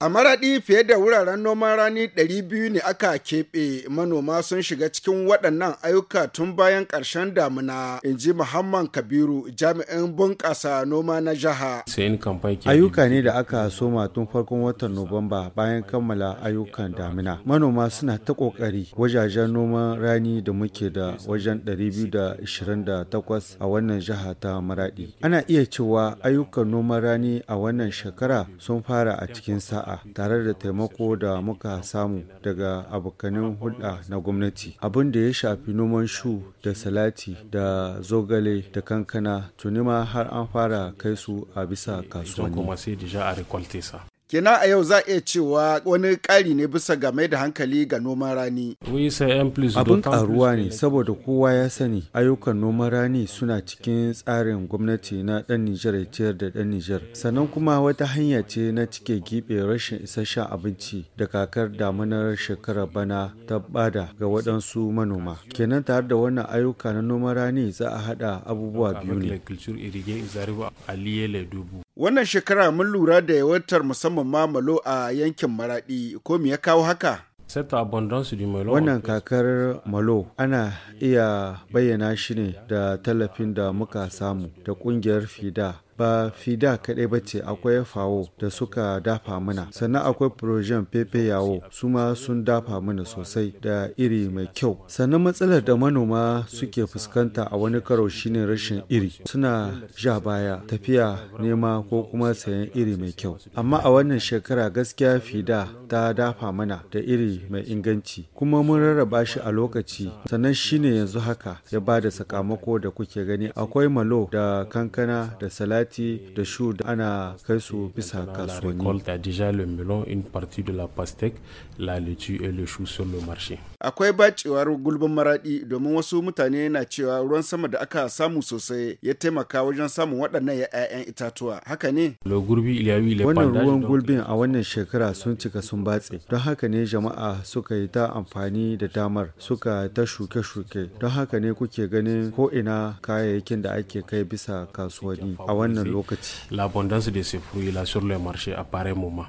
A maraɗi fiye da wuraren noman rani 200 ne aka keɓe manoma sun shiga cikin waɗannan ayyuka tun bayan ƙarshen damuna, in ji Muhammad Kabiru jami'in bunƙasa noma na jiha. Ayyuka ne da aka soma tun farkon watan Nuwamba bayan kammala ayyukan damina. Manoma suna ta ƙoƙari wajajen noman rani da muke da wajen 228 a wannan jiha ta maraɗi. Ana iya cewa ayyukan noman rani a wannan shekara sun fara a cikin sa'a. jama'a tare da taimako da muka samu daga abokanin hulɗa na gwamnati abin da ya shafi noman shu da salati da zogale da kankana tuni ma har an fara kai su a bisa kasuwanni Kenan a yau za iya cewa wani ƙari ne bisa ga mai da hankali ga noman rani. Abin ƙaruwa ne saboda kowa ya sani ayyukan noman rani suna cikin tsarin gwamnati na ɗan Nijar ya ciyar da ɗan Nijar. Sannan kuma wata hanya ce na cike giɓe rashin isasshen abinci da kakar damunar shekara bana ta bada ga waɗansu manoma. Kenan tare da wannan ayyuka na noman rani za a haɗa abubuwa biyu ne. Wannan shekara mun lura da yawantar musamman ma malo a yankin Maraɗi, ko me ya kawo haka? Wannan kakar malo ana iya bayyana shi ne da tallafin da muka samu da kungiyar FIDA ba fida kaɗai ba ce akwai fawo da suka dafa mana sannan akwai projen pepe yawo su ma sun dafa mana sosai da iri mai kyau sannan matsalar da manoma suke fuskanta a wani karo shine rashin iri suna ja baya tafiya nema ko kuma sayan iri mai kyau amma a wannan shekara gaskiya fida ta dafa mana da iri mai inganci kuma mun rarraba shi a lokaci sannan shine yanzu haka ya ba da sakamako da kuke gani akwai malo da kankana da salati kati da shu da ana kai su bisa kasuwanni. Akwai bacewar gulbin maraɗi domin wasu mutane na cewa ruwan sama da aka samu sosai ya taimaka wajen samun waɗannan 'ya'yan itatuwa. Haka ne? Wannan ruwan gulbin a wannan shekara sun cika sun batse. Don haka ne jama'a suka yi ta amfani da damar suka ta shuke-shuke. Don haka ne kuke ganin ko ina kayayyakin da ake kai bisa kasuwanni a wannan L'abondance de ces fruits là sur le marché à pareil moment.